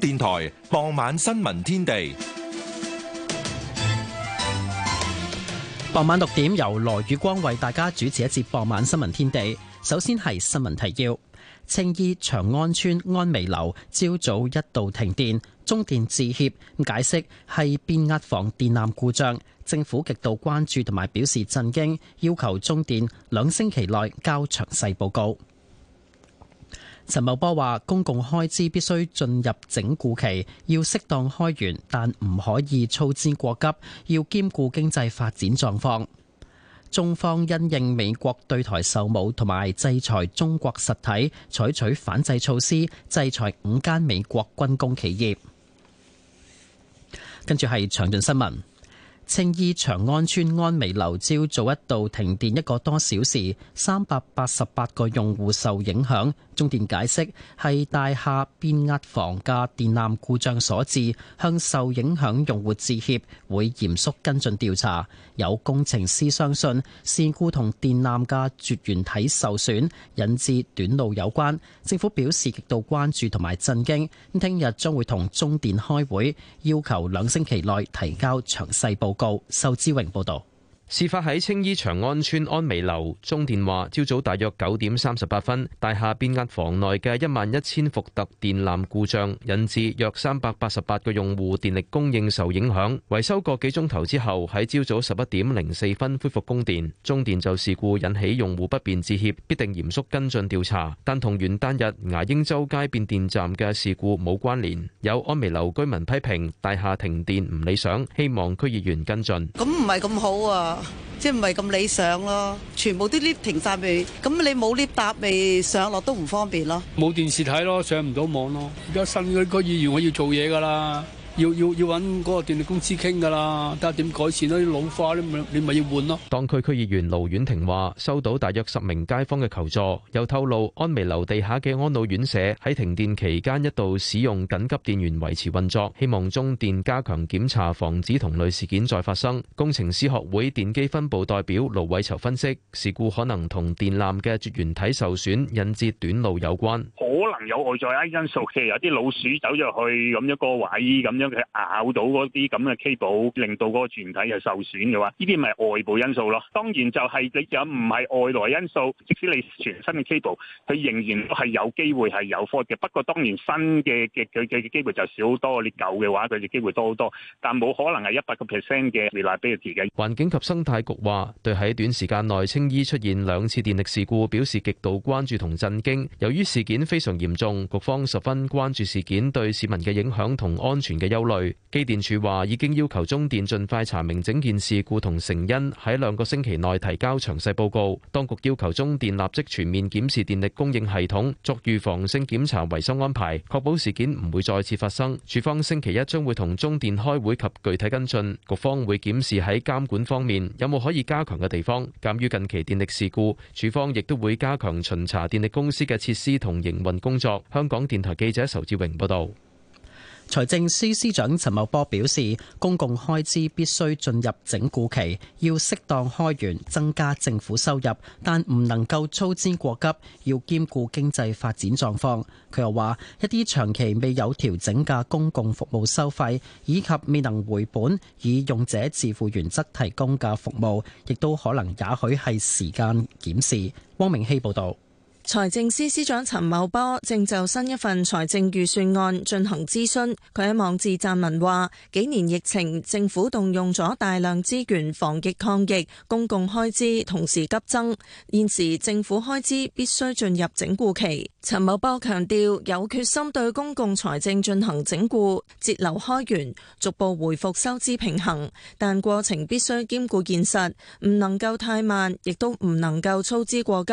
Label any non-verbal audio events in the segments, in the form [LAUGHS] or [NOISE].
電台傍晚新聞天地，傍晚六點由羅宇光為大家主持一節傍晚新聞天地。首先係新聞提要：青衣長安村安湄樓朝早一度停電，中電致歉解釋係變壓房電纜故障，政府極度關注同埋表示震驚，要求中電兩星期內交詳細報告。陳茂波話：公共開支必須進入整固期，要適當開源，但唔可以操之過急，要兼顧經濟發展狀況。中方因應美國對台售武同埋制裁中國實體，採取反制措施，制裁五間美國軍工企業。跟住係詳盡新聞。青衣長安邨安湄樓朝早一度停電一個多小時，三百八十八個用戶受影響。中電解釋係大廈變壓房嘅電纜故障所致，向受影響用戶致歉，會嚴肅跟進調查。有工程師相信事故同電纜嘅絕緣體受損引致短路有關。政府表示極度關注同埋震驚，咁聽日將會同中電開會，要求兩星期內提交詳細報告。告，仇志榮報道。事發喺青衣長安村安湄樓，中電話朝早大約九點三十八分，大廈變壓房內嘅一萬一千伏特電纜故障，引致約三百八十八個用戶電力供應受影響。維修過幾鐘頭之後，喺朝早十一點零四分恢復供電。中電就事故引起用戶不便致歉，必定嚴肅跟進調查，但同元旦日牙鷹洲街變電站嘅事故冇關聯。有安湄樓居民批評大廈停電唔理想，希望區議員跟進。咁唔係咁好啊！即係唔係咁理想咯，全部啲 lift 停曬未，咁你冇 lift 搭咪上落都唔方便咯，冇電視睇咯，上唔到網咯，而家新嗰個區議員我要做嘢㗎啦。要要要揾嗰個電力公司傾噶啦，睇下點改善咯，啲老化咧，你咪你咪要換咯。當區區議員盧婉婷話收到大約十名街坊嘅求助，又透露安眉樓地下嘅安老院舍喺停電期間一度使用緊急電源維持運作，希望中電加強檢查，防止同類事件再發生。工程師學會電機分部代表盧偉籌分析，事故可能同電纜嘅絕緣體受損引致短路有關，可能有外在一因素，譬如有啲老鼠走入去咁一個位咁樣。佢咬到嗰啲咁嘅 cable，令到嗰個船體係受損嘅話，呢啲咪外部因素咯。當然就係你有唔係外來因素，即使你全新嘅 cable，佢仍然都係有機會係有 fault 嘅。不過當然新嘅嘅佢嘅機會就少好多，你舊嘅話佢嘅機會多好多。但冇可能係一百個 percent 嘅未來俾佢自己。環境及生態局話，對喺短時間內青衣出現兩次電力事故表示極度關注同震驚，由於事件非常嚴重，局方十分關注事件對市民嘅影響同安全嘅。憂慮。機電署話已經要求中電盡快查明整件事故同成因，喺兩個星期內提交詳細報告。當局要求中電立即全面檢視電力供應系統，作預防性檢查、維修安排，確保事件唔會再次發生。署方星期一將會同中電開會及具體跟進，局方會檢視喺監管方面有冇可以加強嘅地方。鑒於近期電力事故，署方亦都會加強巡查電力公司嘅設施同營運工作。香港電台記者仇志榮報道。財政司司長陳茂波表示，公共開支必須進入整固期，要適當開源，增加政府收入，但唔能夠操之過急，要兼顧經濟發展狀況。佢又話，一啲長期未有調整嘅公共服務收費，以及未能回本以用者自負原則提供嘅服務，亦都可能，也許係時間檢視。汪明希報道。財政司司長陳茂波正就新一份財政預算案進行諮詢。佢喺網誌撰文話：幾年疫情，政府動用咗大量資源防疫抗疫，公共開支同時急增。現時政府開支必須進入整固期。陳茂波強調，有決心對公共財政進行整固，節流開源，逐步恢復收支平衡。但過程必須兼顧現實，唔能夠太慢，亦都唔能夠操之過急，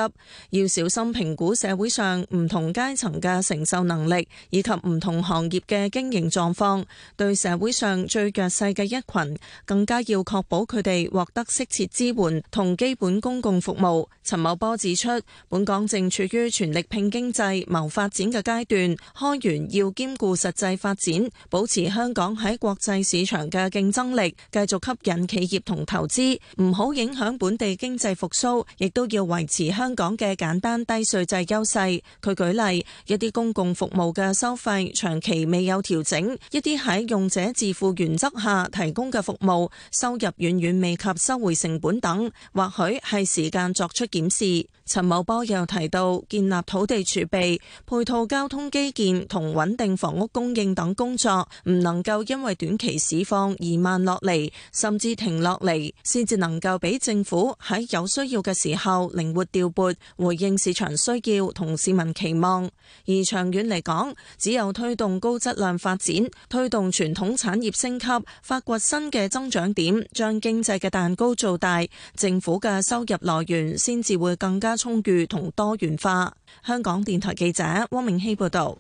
要小心平。評估社會上唔同階層嘅承受能力，以及唔同行業嘅經營狀況，對社會上最弱勢嘅一群，更加要確保佢哋獲得適切支援同基本公共服務。陳茂波指出，本港正處於全力拼經濟、謀發展嘅階段，開源要兼顧實際發展，保持香港喺國際市場嘅競爭力，繼續吸引企業同投資，唔好影響本地經濟復蘇，亦都要維持香港嘅簡單低稅制優勢，佢舉例一啲公共服務嘅收費長期未有調整，一啲喺用者自付原則下提供嘅服務收入遠遠未及收回成本等，或許係時間作出檢視。陳茂波又提到，建立土地儲備、配套交通基建同穩定房屋供應等工作，唔能夠因為短期市況而慢落嚟，甚至停落嚟，先至能夠俾政府喺有需要嘅時候靈活調撥，回應市場需要同市民期望。而長遠嚟講，只有推動高質量發展，推動傳統產業升級，發掘新嘅增長點，將經濟嘅蛋糕做大，政府嘅收入來源先至會更加。充裕同多元化。香港電台記者汪明希報道。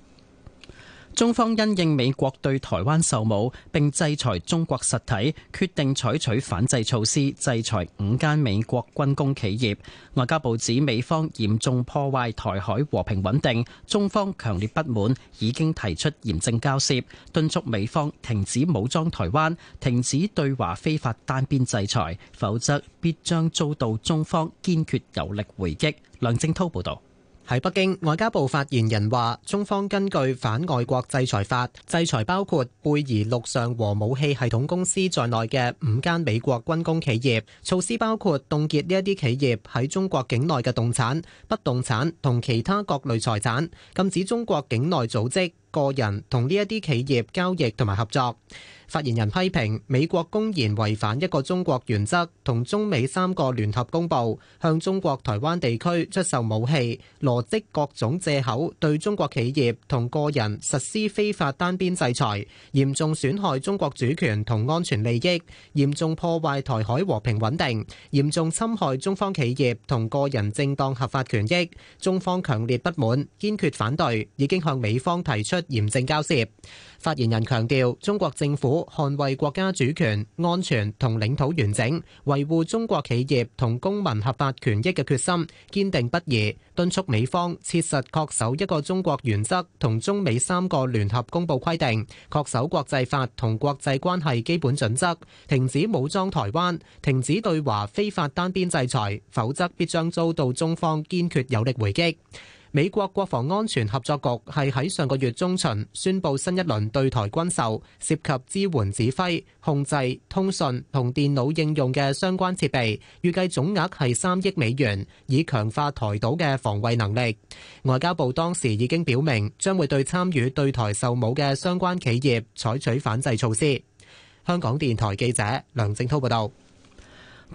中方因應美國對台灣售武並制裁中國實體，決定採取反制措施，制裁五間美國軍工企業。外交部指美方嚴重破壞台海和平穩定，中方強烈不滿，已經提出嚴正交涉，敦促美方停止武裝台灣，停止對華非法單邊制裁，否則必將遭到中方堅決有力回擊。梁正濤報道。喺北京，外交部發言人話，中方根據反外國制裁法，制裁包括貝爾陸上和武器系統公司在內嘅五間美國軍工企業。措施包括凍結呢一啲企業喺中國境內嘅動產、不動產同其他各類財產，禁止中國境內組織、個人同呢一啲企業交易同埋合作。發言人批評美國公然違反一個中國原則，同中美三個聯合公報，向中國台灣地區出售武器，羅織各種借口對中國企業同個人實施非法單邊制裁，嚴重損害中國主權同安全利益，嚴重破壞台海和平穩定，嚴重侵害中方企業同個人正當合法權益。中方強烈不滿，堅決反對，已經向美方提出嚴正交涉。發言人強調，中國政府捍衛國家主權、安全同領土完整，維護中國企業同公民合法權益嘅決心堅定不移，敦促美方切實恪守一個中國原則同中美三個聯合公報規定，恪守國際法同國際關係基本準則，停止武裝台灣，停止對華非法單邊制裁，否則必將遭到中方堅決有力回擊。美國國防安全合作局係喺上個月中旬宣布新一輪對台軍售，涉及支援、指揮、控制、通訊同電腦應用嘅相關設備，預計總額係三億美元，以強化台島嘅防衛能力。外交部當時已經表明，將會對參與對台售武嘅相關企業採取反制措施。香港電台記者梁正滔報道。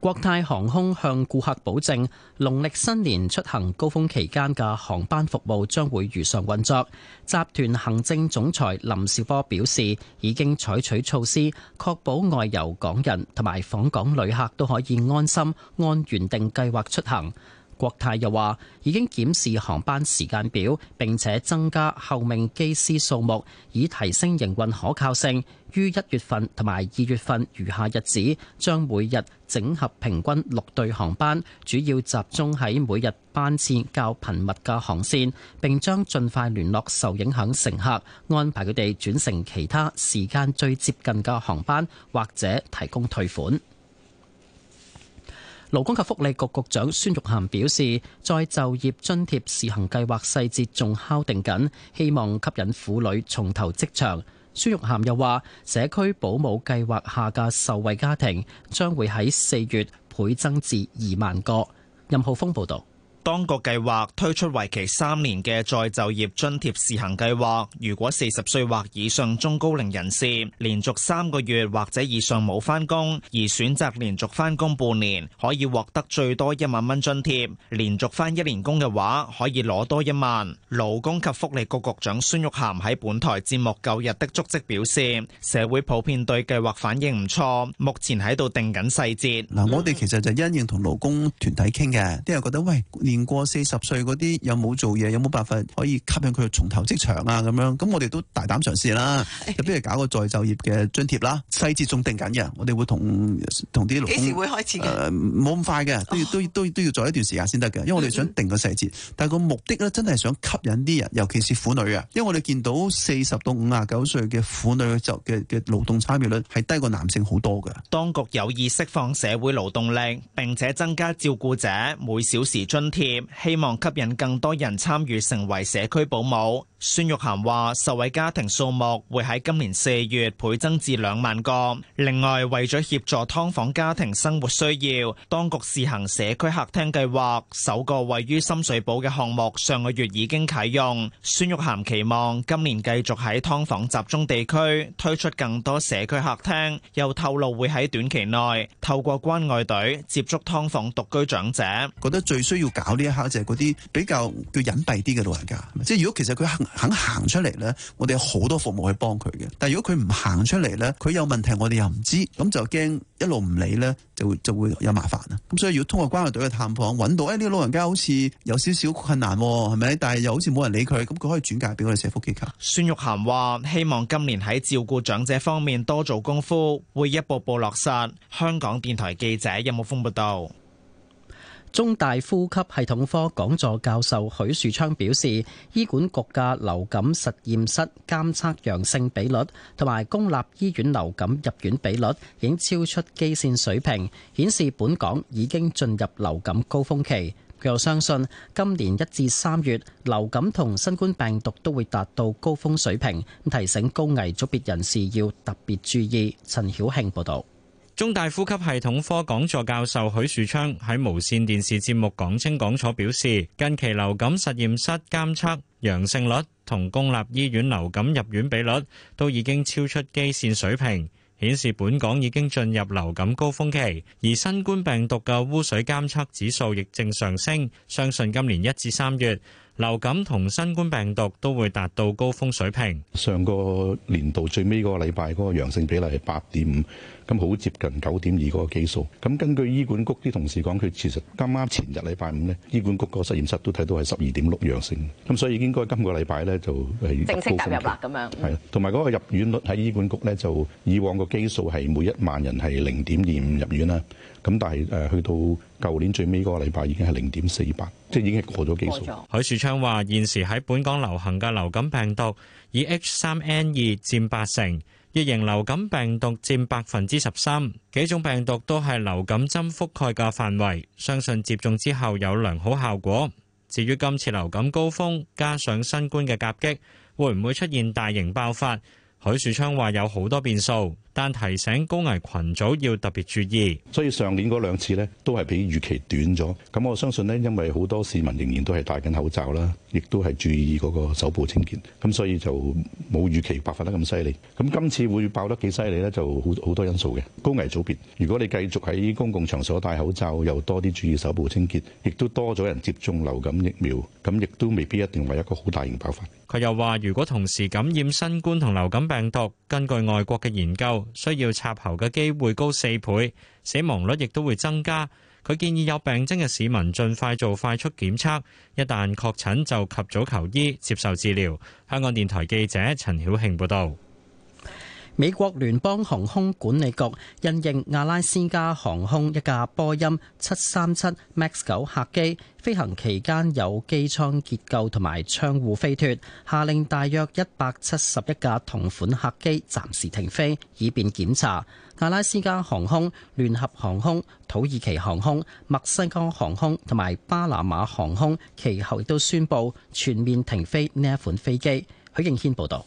國泰航空向顧客保證，農曆新年出行高峰期間嘅航班服務將會如常運作。集團行政總裁林紹波表示，已經採取措施，確保外遊港人同埋訪港旅客都可以安心按原定計劃出行。國泰又話，已經檢視航班時間表，並且增加候命機師數目，以提升營運可靠性。於一月份同埋二月份餘下日子，將每日整合平均六對航班，主要集中喺每日班次較頻密嘅航線，並將盡快聯絡受影響乘客，安排佢哋轉乘其他時間最接近嘅航班，或者提供退款。勞工及福利局局，局長孫玉菡表示，再就業津貼試行計劃細節仲敲定緊，希望吸引婦女重投職場。朱玉涵又話，社區保姆計劃下嘅受惠家庭將會喺四月倍增至二萬個，任浩峰報道。當局計劃推出為期三年嘅再就業津貼試行計劃，如果四十歲或以上中高齡人士連續三個月或者以上冇翻工，而選擇連續翻工半年，可以獲得最多一萬蚊津貼；連續翻一年工嘅話，可以攞多一萬。勞工及福利局局，局長孫玉菡喺本台節目《舊日的足跡》表示，社會普遍對計劃反應唔錯，目前喺度定緊細節。嗱、嗯，我哋其實就因應同勞工團體傾嘅，啲人覺得喂。年過四十歲嗰啲，有冇做嘢？有冇辦法可以吸引佢重投職場啊？咁樣咁我哋都大膽嘗試啦。入邊係搞個再就業嘅津貼啦，細節仲定緊嘅。我哋會同同啲勞工幾時會開始？冇咁、呃、快嘅、哦，都要都都都要做一段時間先得嘅，因為我哋想定個細節。嗯、但係個目的咧，真係想吸引啲人，尤其是婦女啊，因為我哋見到四十到五十九歲嘅婦女嘅就嘅嘅勞動參與率係低過男性好多嘅。當局有意釋放社會勞動力，並且增加照顧者每小時津。希望吸引更多人參與，成為社區保姆。孫玉菡話：受惠家庭數目會喺今年四月倍增至兩萬個。另外，為咗協助劏房家庭生活需要，當局試行社區客廳計劃。首個位於深水埗嘅項目上個月已經啟用。孫玉菡期望今年繼續喺劏房集中地區推出更多社區客廳。又透露會喺短期內透過關愛隊接觸㓥房獨居長者。覺得最需要搞呢一刻就係嗰啲比較叫隱蔽啲嘅老人家。即係如果其實佢肯。肯行出嚟呢，我哋好多服務去幫佢嘅。但如果佢唔行出嚟呢，佢有問題我哋又唔知，咁就驚一路唔理呢，就就會有麻煩啊。咁所以要通過關愛隊嘅探訪，揾到誒呢個老人家好似有少少困難係咪？但係又好似冇人理佢，咁佢可以轉介俾我哋社福機構。孫玉涵話：希望今年喺照顧長者方面多做功夫，會一步步落實。香港電台記者任木峰報道。中大呼吸系統科講座教授許樹昌表示，醫管局嘅流感實驗室監測陽性比率同埋公立醫院流感入院比率，已經超出基線水平，顯示本港已經進入流感高峰期。佢又相信今年一至三月流感同新冠病毒都會達到高峰水平，提醒高危組別人士要特別注意。陳曉慶報道。中大呼吸系統科講座教授許樹昌喺無綫電視節目講清講楚表示，近期流感實驗室監測陽性率同公立醫院流感入院比率都已經超出基線水平，顯示本港已經進入流感高峰期，而新冠病毒嘅污水監測指數亦正上升，相信今年一至三月。流感同新冠病毒都會達到高峰水平。上個年度最尾嗰個禮拜嗰個陽性比例係八點五，咁好接近九點二嗰個基數。咁根據醫管局啲同事講，佢其實啱啱前日禮拜五呢，醫管局個實驗室都睇到係十二點六陽性。咁所以應該今個禮拜咧就係高峯期。正式踏入啦，咁樣。係啊，同埋嗰個入院率喺醫管局咧，就以往個基數係每一萬人係零點二五入院啦。咁但係誒、呃、去到舊年最尾嗰個禮拜已經係零點四八，即係已經過咗基數。許樹了昌話：現時喺本港流行嘅流感病毒以 H 三 N 二佔八成，乙型流感病毒佔百分之十三，幾種病毒都係流感針覆蓋嘅範圍，相信接種之後有良好效果。至於今次流感高峰加上新冠嘅夾擊，會唔會出現大型爆發？許樹昌話有好多變數。但提醒高危群組要特別注意，所以上年嗰兩次咧都係比預期短咗。咁我相信咧，因為好多市民仍然都係戴緊口罩啦，亦都係注意嗰個手部清潔，咁所以就冇預期爆發得咁犀利。咁今次會爆得幾犀利咧，就好好多因素嘅高危組別。如果你繼續喺公共場所戴口罩，又多啲注意手部清潔，亦都多咗人接種流感疫苗，咁亦都未必一定為一個好大型爆發。佢又話：如果同時感染新冠同流感病毒，根據外國嘅研究，需要插喉嘅機會高四倍，死亡率亦都會增加。佢建議有病徵嘅市民盡快做快速檢測，一旦確診就及早求醫接受治療。香港電台記者陳曉慶報導。美國聯邦航空管理局因應阿拉斯加航空一架波音七三七 MAX 九客機飛行期間有機艙結構同埋窗戶飛脱，下令大約一百七十一架同款客機暫時停飛，以便檢查。阿拉斯加航空、聯合航空、土耳其航空、墨西哥航空同埋巴拿馬航空其後亦都宣布全面停飛呢一款飛機。許敬軒報導。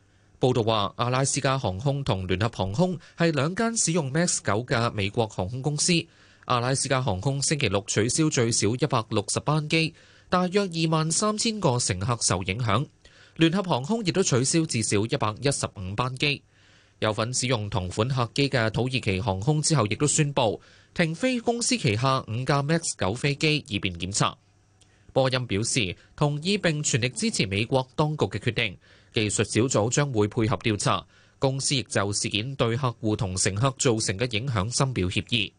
報道話，阿拉斯加航空同聯合航空係兩間使用 MAX 九嘅美國航空公司。阿拉斯加航空星期六取消最少一百六十班機，大約二萬三千個乘客受影響。聯合航空亦都取消至少一百一十五班機。有份使用同款客機嘅土耳其航空之後，亦都宣布停飛公司旗下五架 MAX 九飛機，以便檢查。波音表示同意並全力支持美國當局嘅決定。技術小組將會配合調查，公司亦就事件對客戶同乘客造成嘅影響深表歉意。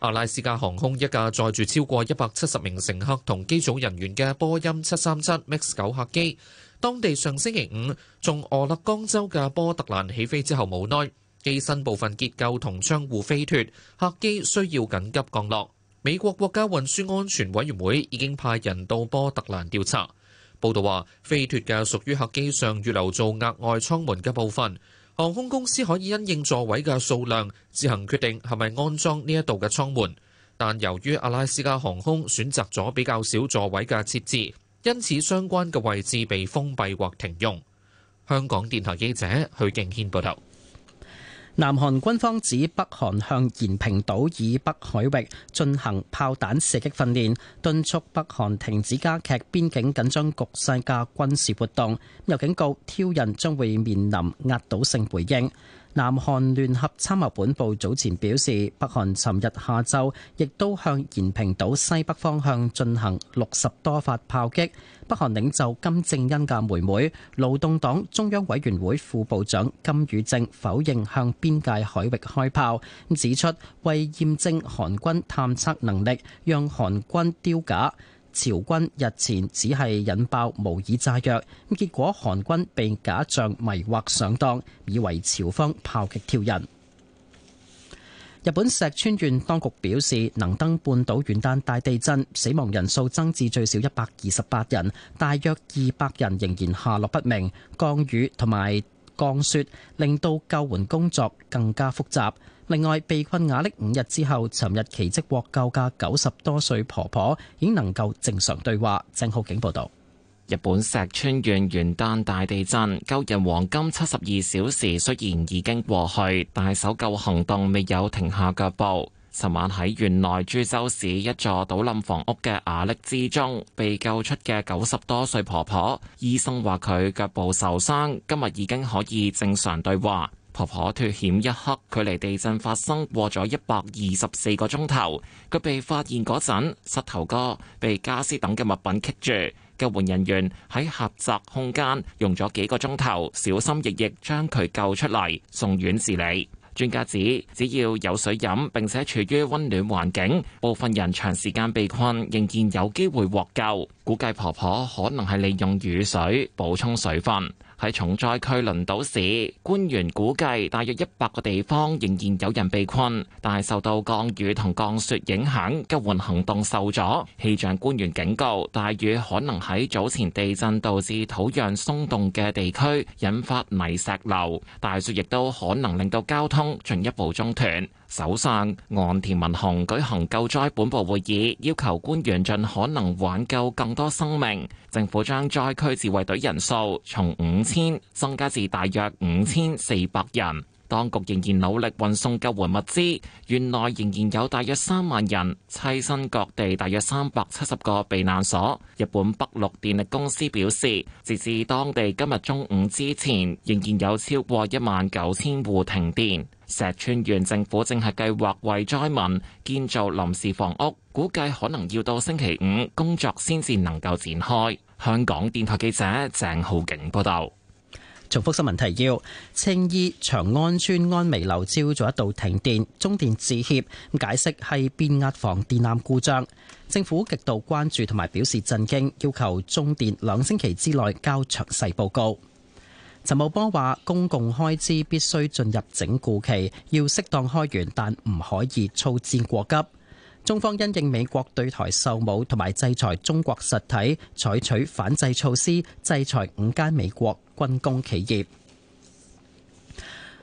阿拉斯加航空一架載住超過一百七十名乘客同機組人員嘅波音七三七 MAX 九客機，當地上星期五從俄勒岡州嘅波特蘭起飛之後，無奈機身部分結構同窗戶飛脱，客機需要緊急降落。美國國家運輸安全委員會已經派人到波特蘭調查。報道話，飛脱嘅屬於客機上預留做額外艙門嘅部分，航空公司可以因應座位嘅數量，自行決定係咪安裝呢一度嘅艙門。但由於阿拉斯加航空選擇咗比較少座位嘅設置，因此相關嘅位置被封閉或停用。香港電台記者許敬軒報道。南韓軍方指北韓向延平島以北海域進行炮彈射擊訓練，敦促北韓停止加劇邊境緊張局勢嘅軍事活動，又警告挑釁將會面臨壓倒性回應。南韓聯合參謀本部早前表示，北韓尋日下晝亦都向延平島西北方向進行六十多發炮擊。北韓領袖金正恩嘅妹妹、勞動黨中央委員會副部長金與正否認向邊界海域開炮，指出為驗證韓軍探測能力，讓韓軍丟架。朝軍日前只係引爆模擬炸藥，咁結果韓軍被假象迷惑上當，以為朝方炮擊挑釁。日本石川縣當局表示，能登半島元旦大地震死亡人數增至最少一百二十八人，大約二百人仍然下落不明。降雨同埋降雪令到救援工作更加複雜，另外，被困瓦礫五日之後尋日奇蹟獲救嘅九十多歲婆婆已能夠正常對話，鄭浩景報道。日本石川縣元旦大地震，救人黃金七十二小時雖然已經過去，但搜救行動未有停下腳步。尋晚喺縣內珠洲市一座倒冧房屋嘅瓦礫之中被救出嘅九十多歲婆婆，醫生話佢腳部受傷，今日已經可以正常對話。婆婆脫險一刻，距離地震發生過咗一百二十四個鐘頭，佢被發現嗰陣，膝頭哥被家私等嘅物品棘住。救援人員喺狹窄空間用咗幾個鐘頭，小心翼翼將佢救出嚟，送院治理。專家指，只要有水飲，並且處於温暖環境，部分人長時間被困，仍然有機會獲救。估計婆婆可能係利用雨水補充水分。喺重災區輪島市，官員估計大約一百個地方仍然有人被困，但係受到降雨同降雪影響，救援行動受阻。氣象官員警告，大雨可能喺早前地震導致土壤鬆動嘅地區引發泥石流，大雪亦都可能令到交通進一步中斷。首相岸田文雄舉行救災本部會議，要求官員盡可能挽救更多生命。政府將災區自衛隊人數從五千增加至大約五千四百人。當局仍然努力運送救援物資，園內仍然有大約三萬人棲身各地，大約三百七十個避難所。日本北陸電力公司表示，截至當地今日中午之前，仍然有超過一萬九千戶停電。石川縣政府正係計劃為災民建造臨時房屋，估計可能要到星期五工作先至能夠展開。香港電台記者鄭浩景報道。重複新聞提要：青衣長安村安湄樓朝早一度停電，中電致歉解釋係變壓房電纜故障。政府極度關注同埋表示震驚，要求中電兩星期之內交詳細報告。陳茂波話：公共開支必須進入整固期，要適當開源，但唔可以操戰過急。中方因應美國對台售武同埋制裁中國實體，採取反制措施，制裁五間美國軍工企業。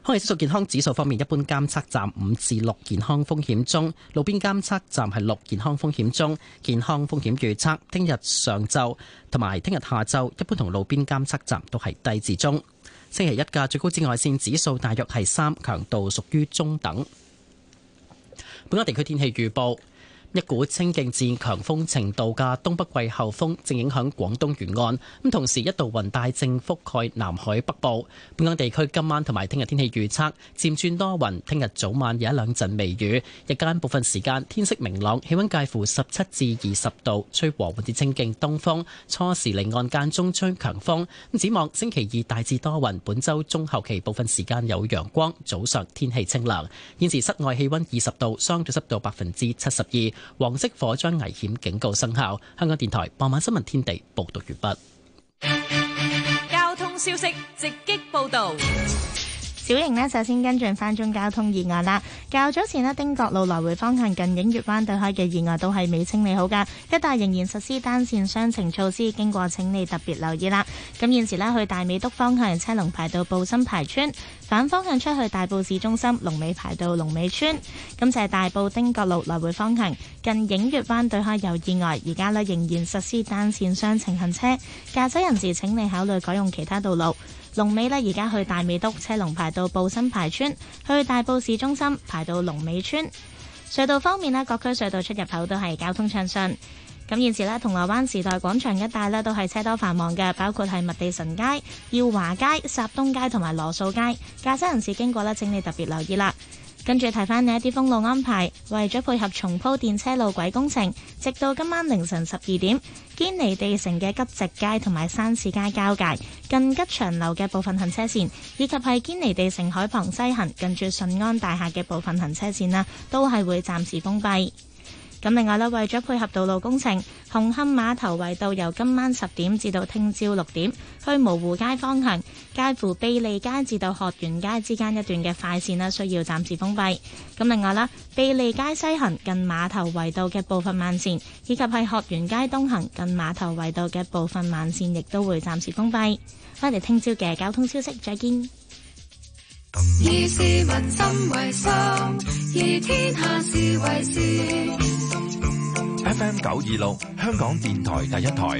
空氣質素健康指數方面，一般監測站五至六健康風險中，路邊監測站係六健康風險中。健康風險預測，聽日上晝同埋聽日下晝，一般同路邊監測站都係低至中。星期一嘅最高紫外線指數大約係三，強度屬於中等。本港地區天氣預報。一股清勁至強風程度嘅東北季候風正影響廣東沿岸，咁同時一道雲帶正覆蓋南海北部。本港地區今晚同埋聽日天氣預測，漸轉多雲，聽日早晚有一兩陣微雨，日間部分時間天色明朗，氣溫介乎十七至二十度，吹和緩至清勁東風，初時離岸間中吹強風，咁展望星期二大致多雲，本周中後期部分時間有陽光，早上天氣清涼，現時室外氣溫二十度，相對濕度百分之七十二。黃色火災危險警告生效。香港電台傍晚新聞天地報導完畢。交通消息直擊報導。小營呢，首先跟進翻中交通意外啦。較早前呢，丁角路來回方向近映月灣對開嘅意外都係未清理好㗎，一帶仍然實施單線雙程措施。經過請你特別留意啦。咁現時呢，去大美督方向車龍排到布心排村，反方向出去大埔市中心龍尾排到龍尾村。咁就係、是、大埔丁角路來回方向近映月灣對開有意外，而家呢，仍然實施單線雙程行車。駕駛人士請你考慮改用其他道路。龍尾呢，而家去大美督，車龍排到布新排村；去大埔市中心排到龍尾村。隧道方面呢，各區隧道出入口都係交通暢順。咁現時呢，銅鑼灣時代廣場一帶呢，都係車多繁忙嘅，包括係麥地臣街、耀華街、霎東街同埋羅素街。駕駛人士經過呢，請你特別留意啦。跟住睇翻呢一啲封路安排，為咗配合重鋪電車路軌工程，直到今晚凌晨十二點，堅尼地城嘅吉直街同埋山市街交界近吉長流嘅部分行車線，以及喺堅尼地城海旁西行近住順安大廈嘅部分行車線啦，都係會暫時封閉。咁另外啦，為咗配合道路工程，紅磡碼頭圍道由今晚十點至到聽朝六點去蕪湖街方向，介乎卑利街至到鶴園街之間一段嘅快線咧，需要暫時封閉。咁另外啦，卑利街西行近碼頭圍道嘅部分慢線，以及喺鶴園街東行近碼頭圍道嘅部分慢線，亦都會暫時封閉。翻嚟聽朝嘅交通消息，再見。以市民心為心，以天下事為事。 [MUSIC] FM 九二六，香港電台第一台。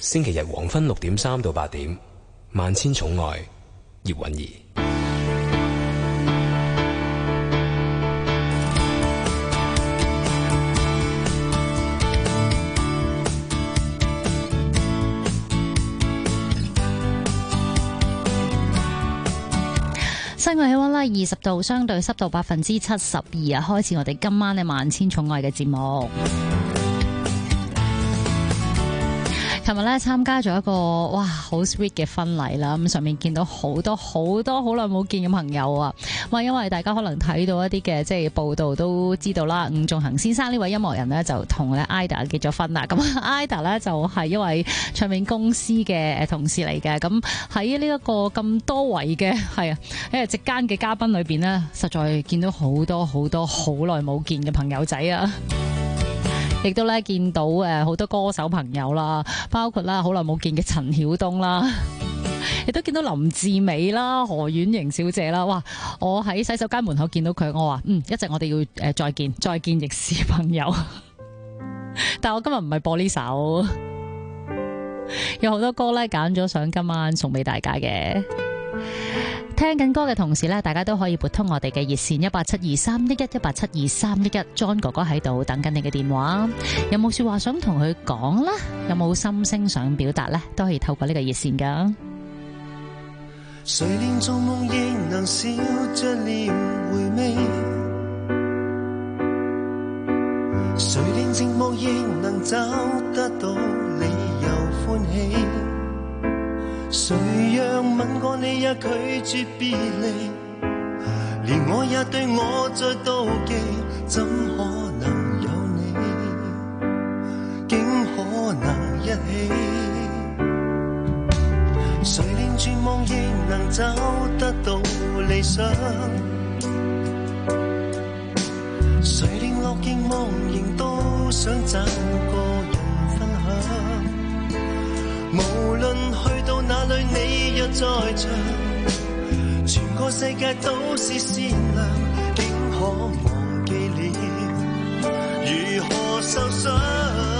星期日黃昏六點三到八點，萬千寵愛葉蘊儀。室外氣溫呢，二十度，相對濕度百分之七十二。啊，開始我哋今晚嘅萬千寵愛嘅節目。今日咧參加咗一個哇好 sweet 嘅婚禮啦！咁上面見到好多好多好耐冇見嘅朋友啊！哇，因為大家可能睇到一啲嘅即係報道都知道啦，伍仲衡先生呢位音樂人呢，就同咧 IDA 結咗婚啦！咁 IDA 咧就係一位唱片公司嘅同事嚟嘅，咁喺呢一個咁多位嘅係啊，誒席間嘅嘉賓裏邊呢，實在見到好多好多好耐冇見嘅朋友仔啊！亦都咧見到誒好多歌手朋友啦，包括啦好耐冇見嘅陳曉東啦，亦都見到林志美啦、何婉瑩小姐啦。哇！我喺洗手間門口見到佢，我話嗯，一陣我哋要誒再見，再見亦是朋友。 [LAUGHS] 但係我今日唔係播呢首， [LAUGHS] 有好多歌咧揀咗想今晚送俾大家嘅。聽緊歌嘅同時咧，大家都可以撥通我哋嘅熱線一八七二三一一一八七二三一一，John 哥哥喺度等緊你嘅電話，有冇說話想同佢講啦？有冇心聲想表達咧？都可以透過呢個熱線㗎。 [MUSIC] 誰讓吻過你也拒絕別離，連我也對我在妒忌，怎可能有你，竟可能一起？誰令絕望亦能找得到理想？誰令樂極忘形都想找個人分享？無論去到哪裏，你若在場，全個世界都是善良，竟可忘記了如何受傷。